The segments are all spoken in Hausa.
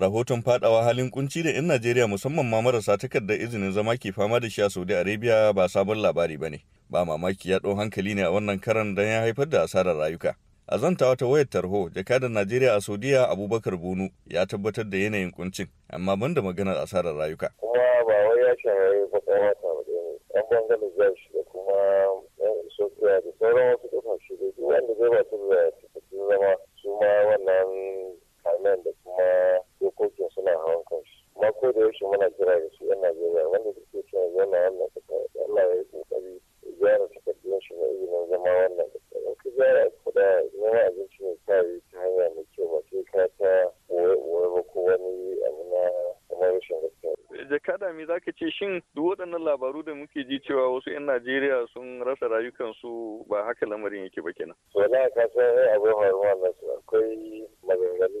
rahoton fadawa halin kunci da 'yan Najeriya musamman ma marasa takardar izinin zama ke fama da shi a Saudi Arabia ba sabon labari ba ne. Ba mamaki ya ɗau hankali ne a wannan karan don ya haifar da asarar rayuka. A zanta wata wayar tarho, jakadan Najeriya a Saudiya Abubakar Bunu ya tabbatar da yanayin kuncin, amma ban da maganar asarar rayuka. Kuma ba wai ya shahararri ba kawata ba ne, ɗan zai shiga ko ko da yaushe muna kira da su yan najeriya wanda suke son yana wannan kasa allah ya yi kokari gyara takardun shi na ilimin zama wannan kasa in ka gyara kuɗa neman abinci mai kyau ta hanya mai kyau ba sai ka ta ɓoye-ɓoye ba ko wani abu na kamar rashin gaskiya. jakada me za ka ce shin duk waɗannan labaru da muke ji cewa wasu 'yan najeriya sun rasa rayukansu ba haka lamarin yake ba kenan. wala ka san eh, abin faruwa na su akwai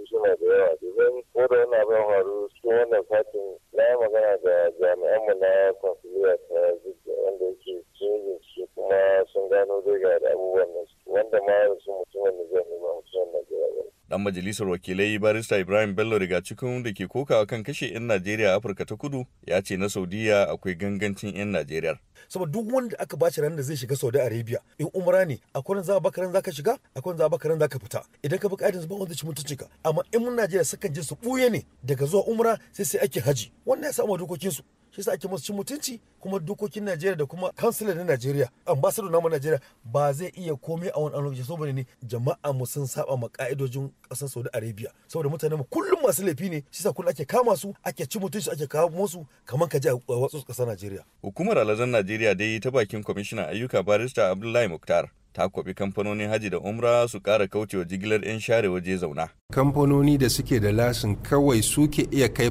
matsaloli suna da yawa domin ko da wani abin faru cikin wannan fatin na yi magana da jami'anmu na consulia ta wanda yake cikin bincike kuma sun gano dai ga abubuwan nasu wanda ma sun Dan majalisar wakilai barista Ibrahim Bello daga cikin da ke kokawa kan kashe 'yan Najeriya a Afirka ta kudu ya ce na Saudiya akwai gangancin 'yan Najeriya. Saboda duk wanda aka shi ranar da zai shiga Saudi Arabia in umra ne akwai ran za baka zaka shiga akwai ran za baka zaka fita idan ka bi kaidin ba wanda ci mutunci ka amma in mun Najeriya sukan je su buye ne daga zuwa umra sai sai ake haji wannan ya samu dokokin su shi sa ake musu cin mutunci kuma dokokin Najeriya da kuma kansila na Najeriya ambassador namu Najeriya ba zai iya komai a wani lokaci saboda ne jama'a mu sun saba ma ka'idojin kasar Saudi Arabia saboda mutane mu kullum masu laifi ne shi sa ake kama su ake cin mutunci ake kawo musu kamar ka ji a wasu kasar Najeriya hukumar alazan Najeriya dai ta bakin kwamishinan ayyuka barista Abdullahi Muktar ta kwabi kamfanonin haji da umra su kara kaucewa jigilar 'yan share waje zauna. kamfanoni da suke da lasin kawai suke iya kai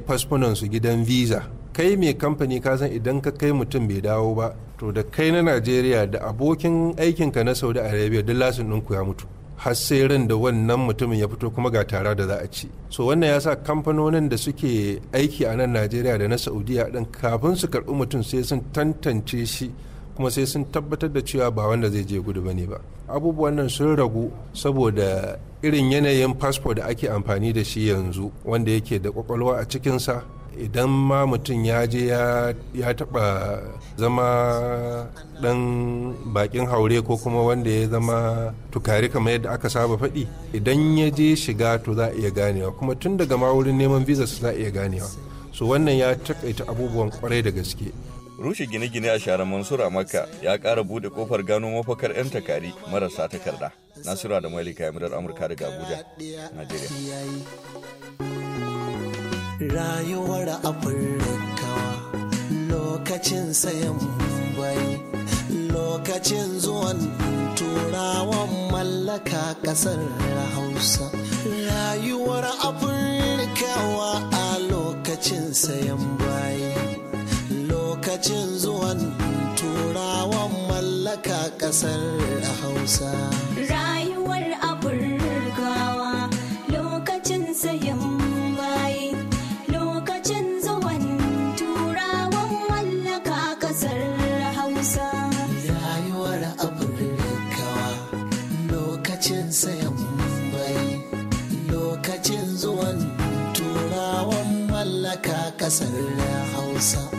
su gidan visa kai mai kamfani ka san idan ka kai mutum bai dawo ba to da kai na najeriya da abokin aikinka na saudi arabia duk lasin ɗinku ya mutu har sai ran da wannan mutumin ya fito kuma ga tara da za a ci so wannan ya sa kamfanonin da suke aiki a nan najeriya da na saudiya ɗin kafin su karɓi mutum sai sun tantance shi kuma sai sun tabbatar da cewa ba wanda zai je gudu bane ba abubuwan nan sun ragu saboda irin yanayin fasfo da ake amfani da shi yanzu wanda yake da kwakwalwa a cikinsa idan ma mutum ya je ya taɓa zama ɗan bakin haure ko kuma wanda ya zama tukari kamar yadda aka saba faɗi idan ya je shiga to za a iya ganewa kuma tun daga ma wurin neman visa su za a iya ganewa so wannan ya takaita abubuwan kwarai da gaske rushe gine-gine a sharar mansura makka ya ƙara bude kofar gano mafakar 'yan takari marasa takarda nasura da malika ya murar amurka daga abuja najeriya rayuwar afirka lokacin sayan bai lokacin zuwan turawan mallaka kasar hausa rayuwar afirkawa a lokacin sayan bayi lokacin zuwan turawan mallaka kasar hausa rayuwar ƙasar Hausa.